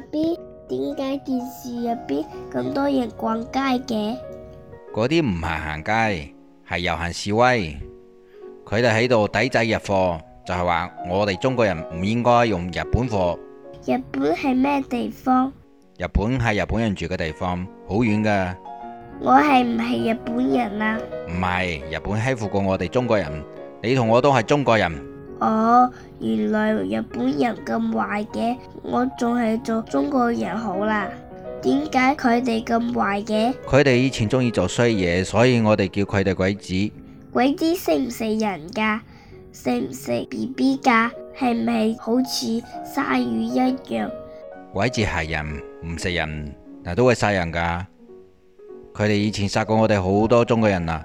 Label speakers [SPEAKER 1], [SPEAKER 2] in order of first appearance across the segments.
[SPEAKER 1] 爸，點解電視入邊咁多人逛街嘅？
[SPEAKER 2] 嗰啲唔係行街，係遊行示威。佢哋喺度抵制日貨，就係話我哋中國人唔應該用日本貨。
[SPEAKER 1] 日本係咩地方？
[SPEAKER 2] 日本係日本人住嘅地方，好遠㗎。
[SPEAKER 1] 我係唔係日本人啊？
[SPEAKER 2] 唔係，日本欺負過我哋中國人。你同我都係中國人。
[SPEAKER 1] 哦，原來日本人咁壞嘅，我仲係做中國人好啦。點解佢哋咁壞嘅？
[SPEAKER 2] 佢哋以前鍾意做衰嘢，所以我哋叫佢哋鬼子。
[SPEAKER 1] 鬼子食唔食人噶？食唔食 B B 噶？係咪好似鯊魚一樣？
[SPEAKER 2] 鬼子係人，唔食人，但都會殺人噶。佢哋以前殺過我哋好多中國人啊。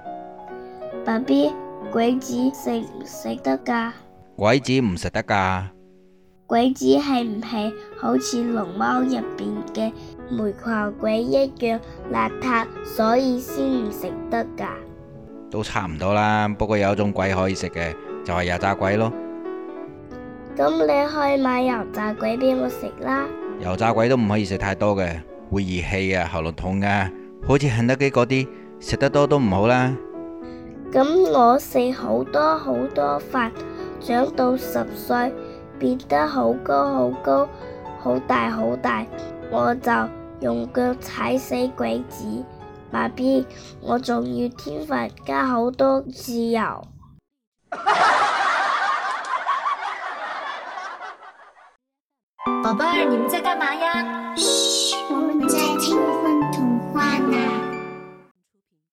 [SPEAKER 1] B B，鬼子食唔食得噶？
[SPEAKER 2] 鬼子唔食得噶。
[SPEAKER 1] 鬼子係唔係好似龍貓入邊嘅煤球鬼一樣邋遢，所以先唔食得噶？
[SPEAKER 2] 都差唔多啦，不過有一種鬼可以食嘅，就係油炸鬼咯。
[SPEAKER 1] 咁你可以買油炸鬼俾我食啦。
[SPEAKER 2] 油炸鬼都唔可以食太多嘅，會熱氣啊，喉嚨痛噶，好似肯德基嗰啲食得多都唔好啦。
[SPEAKER 1] 咁我食好多好多飯。長到十歲，變得好高好高，好大好大，我就用腳踩死鬼子。爸比，我仲要添飯加好多豉油。寶貝兒，你們在幹嘛呀？噓，我們在聽。